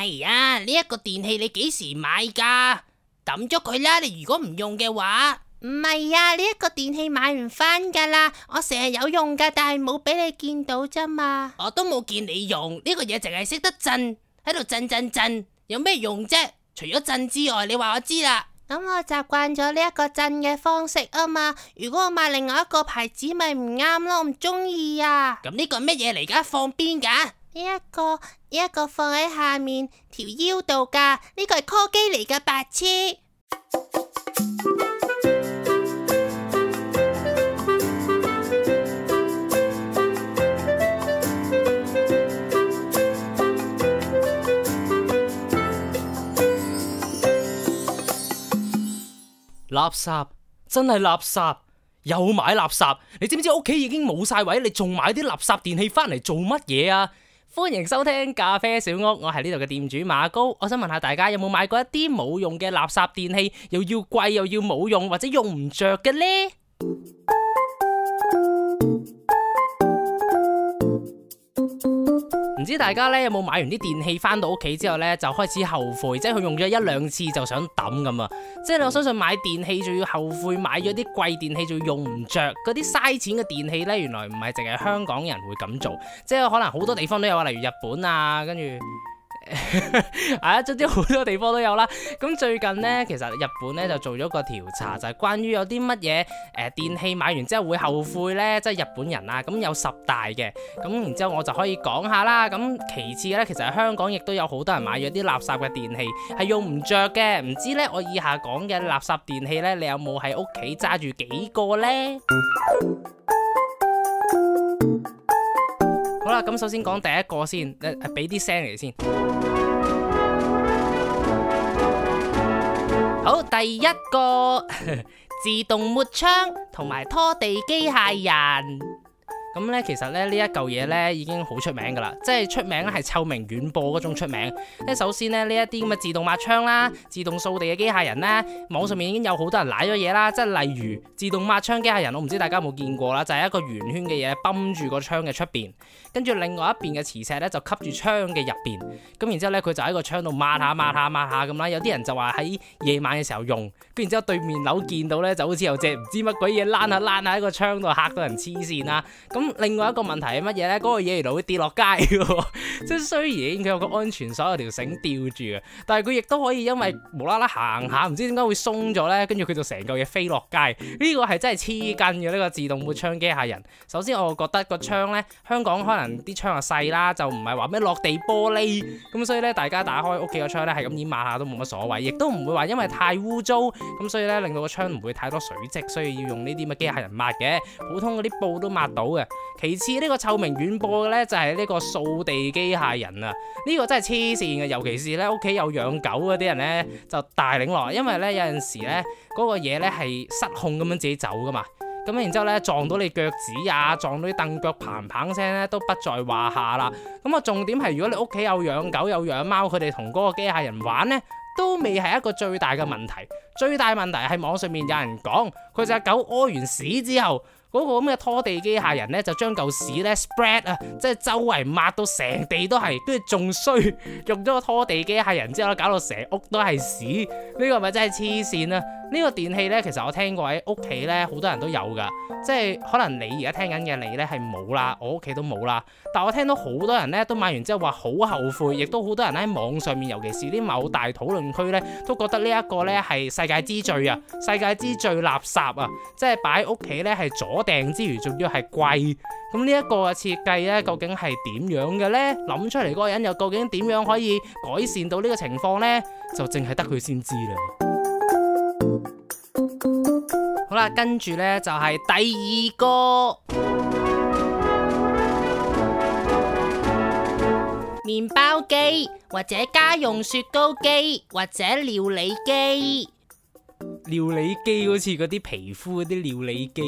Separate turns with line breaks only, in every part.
係啊，呢一、哎這個電器你幾時買噶？抌咗佢啦！你如果唔用嘅話，唔係啊，呢、這、一個電器買唔返噶啦，我成日有用噶，但係冇俾你見到啫嘛。我都冇見你用呢、這個嘢，淨係識得震，喺度震，震震震，有咩用啫？除咗震之外，你話我知啦。咁我習慣咗呢一個震嘅方式啊嘛，如果我買另外一個牌子，咪唔啱咯，我唔中意啊。咁呢個乜嘢嚟噶？放邊噶？呢一個，呢一個放喺下面條腰度㗎，呢個係柯基嚟嘅白痴。
垃圾，真係垃圾，又買垃圾，你知唔知屋企已經冇晒位，你仲買啲垃圾電器翻嚟做乜嘢啊？歡迎收聽咖啡小屋，我係呢度嘅店主馬高。我想問下大家有冇買過一啲冇用嘅垃圾電器，又要貴又要冇用，或者用唔着嘅呢？唔知大家呢，有冇買完啲電器翻到屋企之後呢，就開始後悔，即係佢用咗一兩次就想抌咁啊！即係我相信買電器仲要後悔買咗啲貴電器，仲要用唔着嗰啲嘥錢嘅電器呢？原來唔係淨係香港人會咁做，即係可能好多地方都有啊，例如日本啊，跟住。係 啊，總之好多地方都有啦。咁最近呢，其實日本呢就做咗個調查，就係關於有啲乜嘢誒電器買完之後會後悔呢？即係日本人啊。咁有十大嘅咁，然之後我就可以講下啦。咁其次呢，其實香港亦都有好多人買咗啲垃圾嘅電器係用唔着嘅。唔知呢，我以下講嘅垃圾電器呢，你有冇喺屋企揸住幾個呢？ 好啦，咁首先講第一個先，誒，俾啲聲嚟先
好，第一個 自動抹窗同埋拖地機械人。
咁咧，其實咧呢一嚿嘢咧已經好出名噶啦，即係出名咧係臭名遠播嗰種出名。首先呢，呢一啲咁嘅自動抹窗啦、自動掃地嘅機械人咧，網上面已經有好多人攋咗嘢啦。即係例如自動抹窗機械人，我唔知大家有冇見過啦，就係一個圓圈嘅嘢，泵住個窗嘅出邊，跟住另外一邊嘅磁石咧就吸住窗嘅入邊。咁然之後咧佢就喺個窗度抹下抹下抹下咁啦。有啲人就話喺夜晚嘅時候用，跟住然之後對面樓見到咧就好似有隻唔知乜鬼嘢躝下躝下喺個窗度，嚇到人黐線啦。咁另外一個問題係乜嘢呢？嗰個嘢原來會跌落街嘅喎，即係雖然佢有個安全鎖有條繩吊住嘅，但係佢亦都可以因為無啦啦行下，唔知點解會鬆咗呢。跟住佢就成嚿嘢飛落街。呢個係真係黐筋嘅呢個自動抹窗機械人。首先我覺得個窗呢，香港可能啲窗啊細啦，就唔係話咩落地玻璃咁，所以呢，大家打開屋企個窗呢，係咁掩抹下都冇乜所謂，亦都唔會話因為太污糟咁，所以呢，令到個窗唔會太多水漬，所以要用呢啲乜機械人抹嘅，普通嗰啲布都抹，抹到嘅。其次呢、呢個臭名遠播嘅呢，就係、係、呢個掃地機械人啊，呢、呢個真係黐線嘅，尤其是呢屋企有養狗嗰啲人呢，就大領落，因為呢，有陣時呢，嗰、嗰個嘢呢係失控咁樣自己走噶嘛，咁然之後呢，撞到你腳趾啊，撞到啲凳腳嘭嘭聲呢都不在話下啦。咁啊重點係如果你屋企有養狗有養貓，佢哋同嗰個機械人玩呢，都未係一個最大嘅問題，最大問題係網上面有人講佢隻狗屙完屎之後。嗰個拖地機械人咧，就將嚿屎咧 spread 啊，即係周圍抹到成地都係，跟住仲衰用咗個拖地機械人之後，搞到成屋都係屎，呢個咪真係黐線啊？呢個電器呢，其實我聽過喺屋企呢，好多人都有㗎，即係可能你而家聽緊嘅你呢，係冇啦，我屋企都冇啦。但我聽到好多人呢，都買完之後話好後悔，亦都好多人喺網上面，尤其是啲某大討論區呢，都覺得呢一個呢係世界之最啊，世界之最垃圾啊，即係擺屋企呢，係阻埞之餘，仲要係貴。咁呢一個嘅設計呢，究竟係點樣嘅呢？諗出嚟嗰個人又究竟點樣可以改善到呢個情況呢？就淨係得佢先知啦。
好啦，跟住咧就係、是、第二個麵包機，或者家用雪糕機，或者料理機。料
理機好似嗰啲皮膚嗰啲料理機。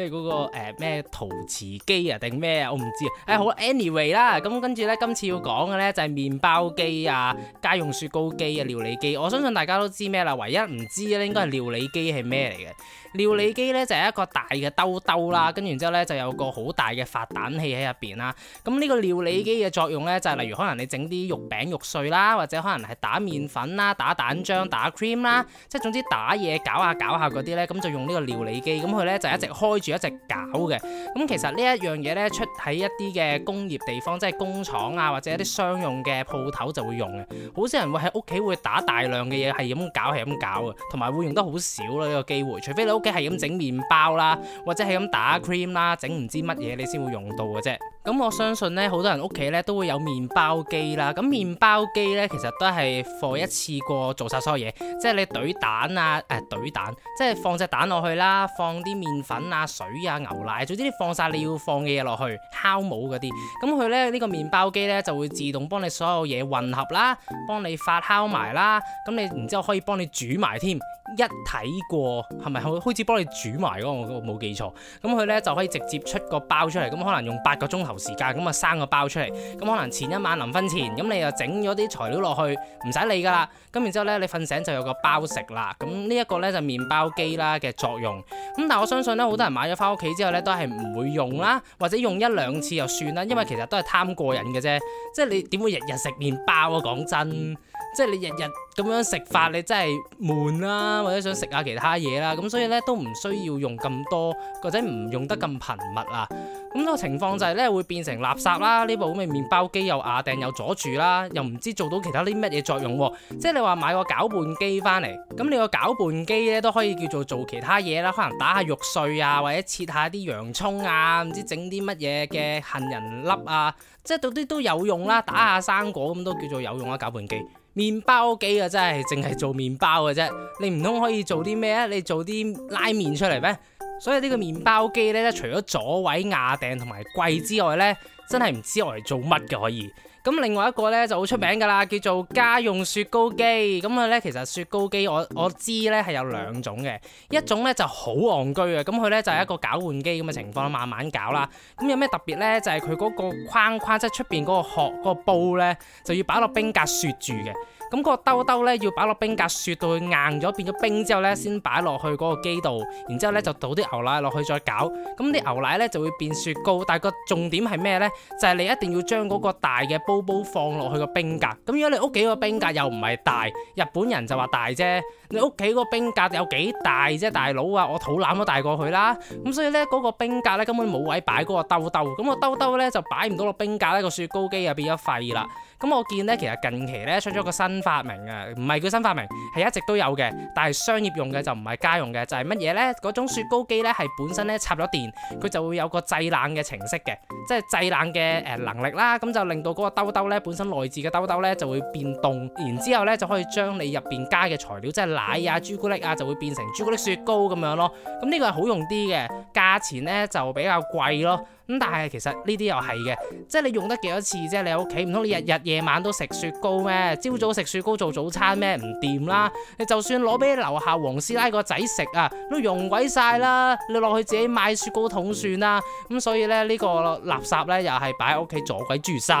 即係、嗰個誒咩、呃、陶瓷機啊定咩啊，我唔知啊，誒、哎、好 anyway 啦，咁跟住咧今次要講嘅咧就係麵包機啊、家用雪糕機啊、料理機，我相信大家都知咩啦，唯一唔知咧應該係料理機係咩嚟嘅。料理機咧就係一個大嘅兜兜啦，跟住然之後咧就有個好大嘅發蛋器喺入邊啦。咁呢個料理機嘅作用咧就係例如可能你整啲肉餅肉碎啦，或者可能係打麵粉啦、打蛋漿打 cream 啦，即係總之打嘢搞下搞下啲咧，咁就用呢個料理機，咁佢咧就一直開住。有一隻搞嘅，咁、嗯、其實呢一樣嘢呢，出喺一啲嘅工業地方，即係工廠啊，或者一啲商用嘅鋪頭就會用嘅。好少人會喺屋企會打大量嘅嘢，係咁搞，係咁搞，嘅，同埋會用得好少咯。呢個機會，除非你屋企係咁整麵包啦，或者係咁打 cream 啦，整唔知乜嘢，你先會用到嘅啫。咁我相信呢，好多人屋企呢都會有麵包機啦。咁麵包機呢，其實都係放一次過做晒所有嘢，即係你懟蛋啊，誒、啊、蛋，即係放隻蛋落去啦，放啲麵粉啊、水啊、牛奶，總之你放晒你要放嘅嘢落去，酵母嗰啲。咁佢呢，呢、呢個麵包機呢，就會自動幫你所有嘢混合啦，幫你發酵埋啦。咁你然之後可以幫你煮埋添。一睇過係咪開始幫你煮埋嗰個？我冇記錯，咁佢呢就可以直接出個包出嚟，咁可能用八個鐘頭時，時間咁啊生個包出嚟，咁可能前一晚臨瞓前咁你又整咗啲材料落去，唔使理㗎啦。咁然之後呢，你瞓醒就有個包食啦。咁呢一個呢，就麵包機啦嘅作用。咁但係我相信呢，好多人買咗返屋企之後呢，都係唔會用啦，或者用一兩次就算啦，因為其實都係貪過癮嘅啫。即係你點會日日食麵包啊？講真。即係你日日咁樣食法，你真係悶啦，或者想食下其他嘢啦，咁所以呢，都唔需要用咁多，或者唔用得咁頻密啦。咁個情況就係呢，會變成垃圾啦。呢部咁嘅麵包機又瓦掟又阻住啦，又唔知做到其他啲乜嘢作用喎。即係你話買個攪拌機翻嚟，咁你個攪拌機呢，都可以叫做做其他嘢啦，可能打下肉碎啊，或者切下啲洋葱啊，唔知整啲乜嘢嘅杏仁粒啊，即係到啲都有用啦，打下生果咁都叫做有用啦，攪拌機。麵包機啊，真係淨係做麵包嘅啫，你唔通可以做啲咩啊？你做啲拉麵出嚟咩？所以呢個麵包機呢，除咗左位瓦頂同埋櫃之外呢，真係唔知我嚟做乜嘅可以。咁另外一個咧就好出名㗎啦，叫做家用雪糕機。咁佢咧其實雪糕機我我知咧係有兩種嘅，一種咧就好戇居嘅，咁佢咧就係一個攪拌機咁嘅情況，慢慢攪啦。咁有咩特別咧？就係佢嗰個框框，即係出邊嗰個殼嗰個煲咧，就要擺落冰格雪住嘅。咁嗰個兜兜咧，要擺落冰格雪到硬咗變咗冰之後咧，先擺落去嗰個機度，然之後咧就倒啲牛奶落去再搞。咁啲牛奶咧就會變雪糕。但係個重點係咩咧？就係、是、你一定要將嗰個大嘅煲煲放落去個冰格。咁如果你屋企個冰格又唔係大，日本人就話大啫。你屋企個冰格有幾大啫？大佬啊，我肚腩都大過佢啦。咁所以咧嗰、那個冰格咧根本冇位擺嗰個兜兜。咁、那個兜兜咧就擺唔到落冰格咧，個雪糕機啊變咗廢啦。咁我見咧，其實近期咧出咗個新發明啊，唔係佢新發明，係一直都有嘅，但係商業用嘅就唔係家用嘅，就係乜嘢呢？嗰種雪糕機呢，係本身咧插咗電，佢就會有個製冷嘅程式嘅，即係製冷嘅誒能力啦。咁就令到嗰個兜兜呢，本身內置嘅兜兜呢就會變凍，然之後呢就可以將你入邊加嘅材料，即係奶啊、朱古力啊，就會變成朱古力雪糕咁樣咯。咁呢個係好用啲嘅，價錢呢就比較貴咯。咁、嗯、但係其實呢啲又係嘅，即係你用得幾多次啫？你喺屋企唔通你日日夜晚都食雪糕咩？朝早食雪糕做早餐咩？唔掂啦！你就算攞俾樓下黃師奶個仔食啊，都用鬼曬啦！你落去自己買雪糕桶算啦。咁、嗯、所以咧呢、呢個垃圾咧又係擺喺屋企阻鬼住晒。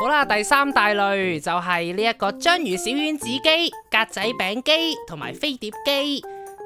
好啦，第三大類就係呢一個章魚小丸子機、格仔餅機同埋飛碟機。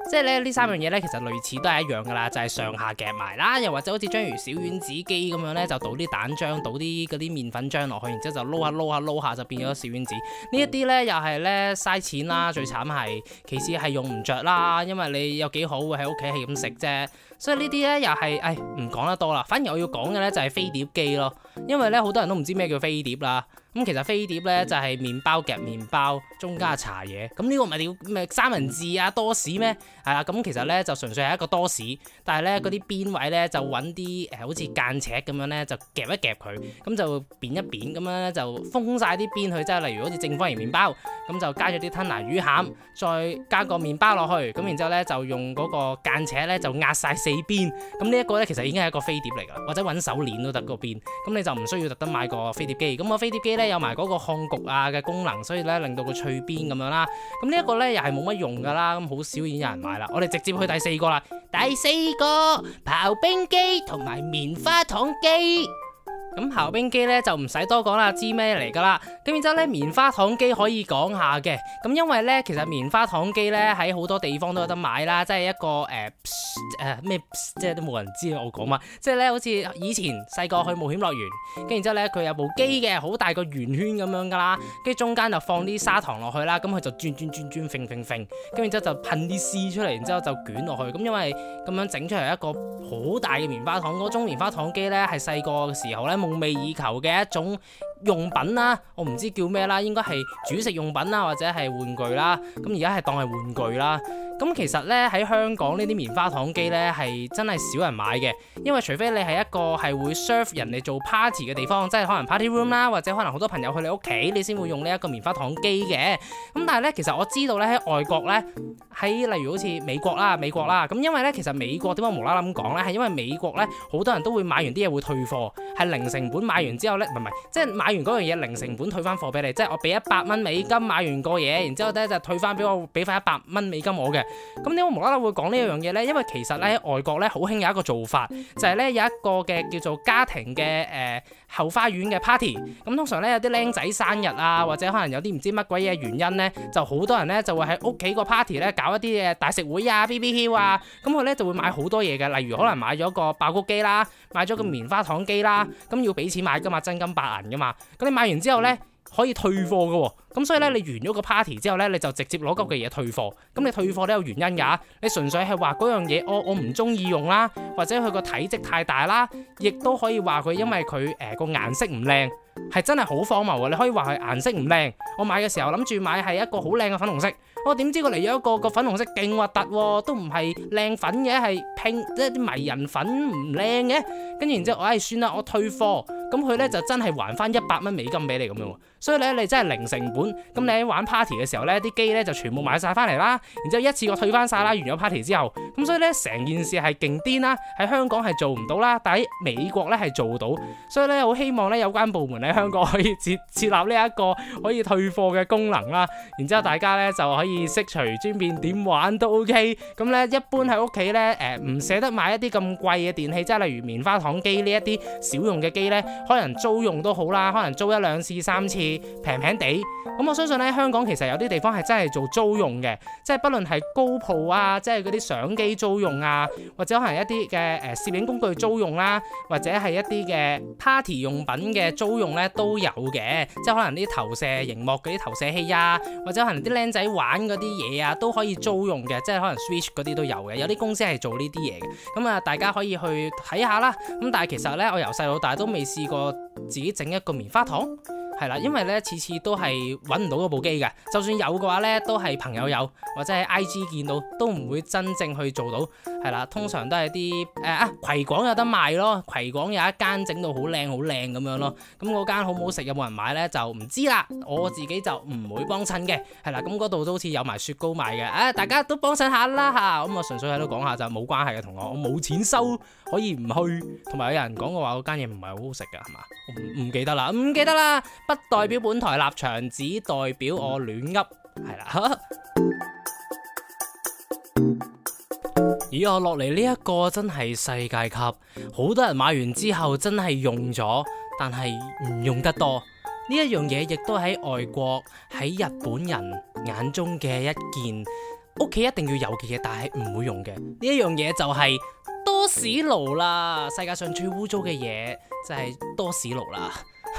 即係咧呢三樣嘢咧，其實類似都係一樣噶啦，就係上下夾埋啦，又或者好似章魚小丸子機咁樣呢就倒啲蛋漿，倒啲嗰啲麵粉漿落去，然之後就撈下撈下撈下就變咗小丸子。呢一啲呢又係呢嘥錢啦，最慘係其次係用唔着啦，因為你有幾好喺屋企係咁食啫，所以呢啲呢又係唉，唔講得多啦。反而我要講嘅呢就係飛碟機咯，因為呢好多人都唔知咩叫飛碟啦。咁其實飛碟呢就係、是、麵包夾麵包中加茶嘢。咁呢個咪叫咩三文治啊多士咩？係、啊、啦，咁其實呢就純粹係一個多士，但係呢嗰啲邊位呢就揾啲、呃、好似間尺咁樣呢就夾一夾佢，咁就扁一扁咁樣呢就封晒啲邊去。即係例如好似正方形麵包，咁就加咗啲吞拿魚餡，再加個麵包落去，咁然之後呢就用嗰個間尺呢就壓晒四邊，咁呢一個呢其實已經係一個飛碟嚟㗎喇，或者揾手鏈都得個邊，咁你就唔需要特登買個飛碟機，咁個飛碟機呢。有埋嗰個烘焗啊嘅功能，所以咧令到佢脆邊咁樣啦。咁呢一個咧又係冇乜用噶啦，咁好少已經有人買啦。我哋直接去第四個啦，第四個刨冰機同埋棉花糖機。咁刨冰機咧就唔使多講啦，知咩嚟噶啦。咁然之後咧棉花糖機可以講下嘅，咁因為咧其實棉花糖機咧喺好多地方都有得買啦，即係一個誒誒咩，即係都冇人知我講嘛，即係咧好似以前細個去冒險樂園，跟住然之後咧佢有部機嘅，好大個圓圈咁樣噶啦，跟住中間就放啲砂糖落去啦，咁佢就轉轉轉轉揈揈揈，跟住之後就噴啲絲出嚟，然之後就捲落去，咁因為咁樣整出嚟一個好大嘅棉花糖，嗰種棉花糖機咧係細個嘅時候咧，夢寐以求嘅一種。用品啦，我唔知叫咩啦，應該係煮食用品啦，或者係玩具啦。咁而家係當係玩具啦。咁其實咧，喺香港呢啲棉花糖機咧係真係少人買嘅，因為除非你係一個係會 serve 人哋做 party 嘅地方，即係可能 party room 啦，或者可能好多朋友去你屋企，你先會用呢一個棉花糖機嘅。咁但係咧，其實我知道咧，喺外國咧，喺例如好似美國啦、美國啦。咁因為咧，其實美國點解無啦啦咁講咧？係因為美國咧好多人都會買完啲嘢會退貨，係零成本買完之後咧，唔係，即係買。完嗰樣嘢，零成本退翻貨俾你，即係我俾一百蚊美金買完個嘢，然之後咧就退翻俾我，俾翻一百蚊美金我嘅。咁點解我無啦啦會講呢樣嘢呢？因為其實咧外國呢，好興有一個做法，就係呢有一個嘅叫做家庭嘅誒。呃後花園嘅 party，咁通常呢，有啲靚仔生日啊，或者可能有啲唔知乜鬼嘢原因呢，就好多人呢就會喺屋企個 party 呢搞一啲嘅大食會啊、BBQ 啊，咁佢呢就會買好多嘢嘅，例如可能買咗個爆谷機啦，買咗個棉花糖機啦，咁要俾錢買噶嘛，真金白銀噶嘛，咁你買完之後呢。可以退貨嘅喎。哦，咁所以呢，你完咗個 party 之後呢，你就直接攞咁嘅嘢退貨。咁你退貨都有原因㗎，你純粹係話嗰樣嘢，我我唔中意用啦，或者佢個體積太大啦，亦都可以話佢因為佢誒個顏色唔靚，係真係好荒謬嘅。你可以話佢顏色唔靚，我買嘅時候諗住買係一個好靚嘅粉紅色，哦、我點知佢嚟咗一個個粉紅色勁核突喎，都唔係靚粉嘅，係拼一啲、就是、迷人粉唔靚嘅，跟住然之後，唉、哎，算啦，我退貨。咁佢咧就真係還翻一百蚊美金俾你咁樣喎，所以咧你真係零成本。咁你喺玩 party 嘅時候咧，啲機咧就全部買曬翻嚟啦，然之後一次過退翻曬啦。完咗 party 之後，咁所以咧成件事係勁癲啦，喺香港係做唔到啦，但喺美國咧係做到。所以咧好希望咧有關部門喺香港可以設設立呢一個可以退貨嘅功能啦，然之後大家咧就可以識隨轉變點玩都 OK。咁咧一般喺屋企咧誒唔捨得買一啲咁貴嘅電器，即係例如棉花糖機呢一啲少用嘅機咧。可能租用都好啦，可能租一兩次、三次平平地。咁我相信呢，香港其實有啲地方係真係做租用嘅，即係不論係高鋪啊，即係嗰啲相機租用啊，或者可能一啲嘅誒攝影工具租用啦、啊，或者係一啲嘅 party 用品嘅租用呢都有嘅。即係可能啲投射熒幕嗰啲投射器啊，或者可能啲僆仔玩嗰啲嘢啊都可以租用嘅。即係可能 switch 嗰啲都有嘅，有啲公司係做呢啲嘢嘅。咁啊，大家可以去睇下啦。咁但係其實呢，我由細到大都未試過。個自己整一個棉花糖係啦，因為呢次次都係揾唔到嗰部機嘅，就算有嘅話呢，都係朋友有或者喺 IG 見到，都唔會真正去做到。係啦，通常都係啲誒啊，葵廣有得賣咯，葵廣有一間整到好靚好靚咁樣咯，咁嗰間好唔好食，有冇人買呢？就唔知啦，我自己就唔會幫襯嘅。係啦，咁嗰度都好似有埋雪糕賣嘅，誒、啊，大家都幫襯下啦嚇，咁、啊、我純粹喺度講下就冇關係嘅同學，我冇錢收，可以唔去。同埋有，有人講嘅話，嗰間嘢唔係好好食嘅，係嘛？唔唔記得啦，唔記得啦，不代表本台立場，只代表我亂噏，係啦。 咦，我落嚟呢一個真係世界級，好多人買完之後真係用咗，但係唔用得多。呢一樣嘢亦都喺外國喺日本人眼中嘅一件屋企一定要有嘅嘢，但係唔會用嘅呢一樣嘢就係多士爐啦。世界上最污糟嘅嘢就係多士爐啦。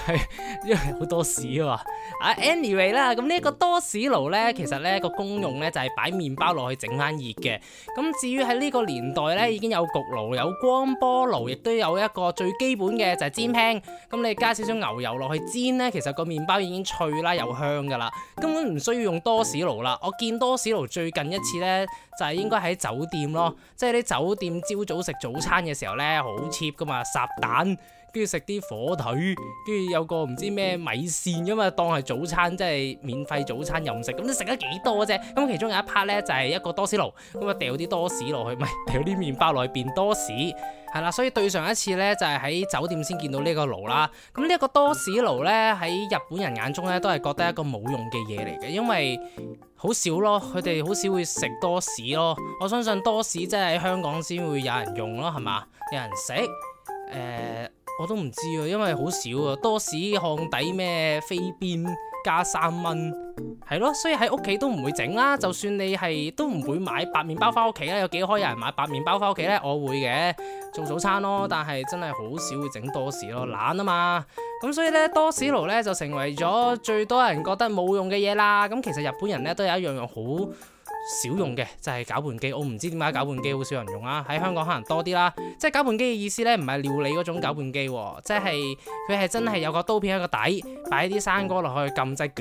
因為好多屎啊！啊，anyway 啦，咁呢一個多士爐呢，其實呢個功用呢，就係擺麵包落去整翻熱嘅。咁至於喺呢個年代呢，已經有焗爐、有光波爐，亦都有一個最基本嘅就係、是、煎 pan，咁你加少少牛油落去煎呢，其實個麵包已經脆啦又香噶啦，根本唔需要用多士爐啦。我見多士爐最近一次呢，就係、是、應該喺酒店咯，即係啲酒店朝早食早餐嘅時候呢，好 cheap 噶嘛，烚蛋。跟住食啲火腿，跟住有個唔知咩米線噶嘛，當係早餐，即係免費早餐又唔食，咁你食得幾多啫？咁其中有一 part 呢，就係一個多士爐，咁啊掉啲多士落去，唔係掉啲麵包落去變多士，係啦。所以對上一次呢，就係喺酒店先見到呢個爐啦。咁呢一個多士爐呢，喺日本人眼中呢，都係覺得一個冇用嘅嘢嚟嘅，因為好少咯，佢哋好少會食多士咯。我相信多士即係喺香港先會有人用咯，係嘛，有人食誒。呃我都唔知啊，因為好少啊，多士烘底咩飛邊加三蚊，係咯，所以喺屋企都唔會整啦。就算你係都唔會買白麵包翻屋企啦，有幾可有人買白麵包翻屋企呢？我會嘅做早餐咯。但係真係好少會整多士咯，懶啊嘛。咁所以呢，多士爐呢就成為咗最多人覺得冇用嘅嘢啦。咁其實日本人呢都有一樣樣好。少用嘅就係攪拌機，我、哦、唔知點解攪拌機好少人用啊，喺香港可能多啲啦，即係攪拌機嘅意思呢，唔係料理嗰種攪拌機、哦，即係佢係真係有個刀片喺個底，擺啲生果落去，撳掣，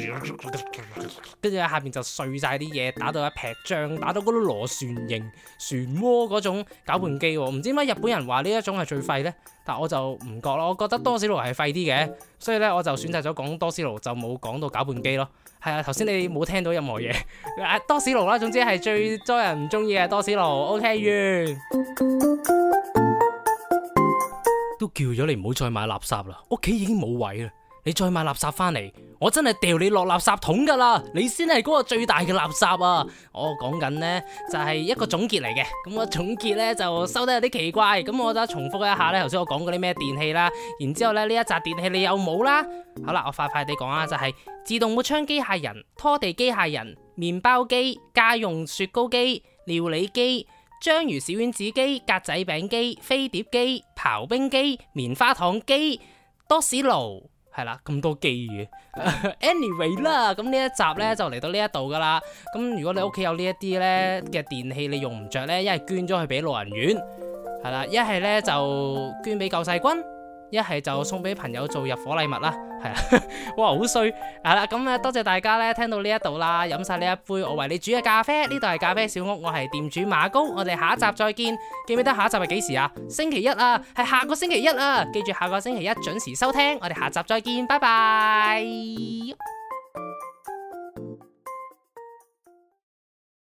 跟住喺下面就碎晒啲嘢，打到一劈醬，打到嗰啲螺旋形漩渦嗰種攪拌機、哦。唔知點解日本人話呢一種係最廢呢？但我就唔覺咯，我覺得多士爐係廢啲嘅，所以呢，我就選擇咗講多士爐，就冇講到攪拌機咯。係啊，頭先你冇聽到任何嘢，啊，多士爐啦，總之係最多人唔中意嘅多士爐，OK，You，都叫咗你唔好再買垃圾啦，屋企已經冇位啦。你再買垃圾翻嚟，我真係掉你落垃圾桶噶啦！你先係嗰個最大嘅垃圾啊！我講緊呢，就係一個總結嚟嘅。咁我總結呢，就收得有啲奇怪，咁我就重複一下呢，頭先我講嗰啲咩電器啦，然之後呢，呢一紮電器你有冇啦？好啦，我快快地講啊，就係自動抹窗機械人、拖地機械人、麵包機、家用雪糕機、料理機、章魚小丸子機、格仔餅機、飛碟機、刨冰機、棉花糖機、多士爐。係啦，咁多機遇。 Anyway 啦，咁呢一集呢就嚟到呢一度噶啦。咁如果你屋企有呢一啲呢嘅電器，你用唔着呢，一係捐咗去俾老人院，係啦，一係呢就捐俾救世軍。一係就送俾朋友做入伙禮物啦，係 啊，哇好衰，係啦，咁啊多謝大家咧聽到呢一度啦，飲晒呢一杯我為你煮嘅咖啡，呢度係咖啡小屋，我係店主馬高，我哋下一集再見，記唔記得下一集係幾時啊？星期一啊，係下個星期一啊，記住下個星期一準時收聽，我哋下集再見，拜拜。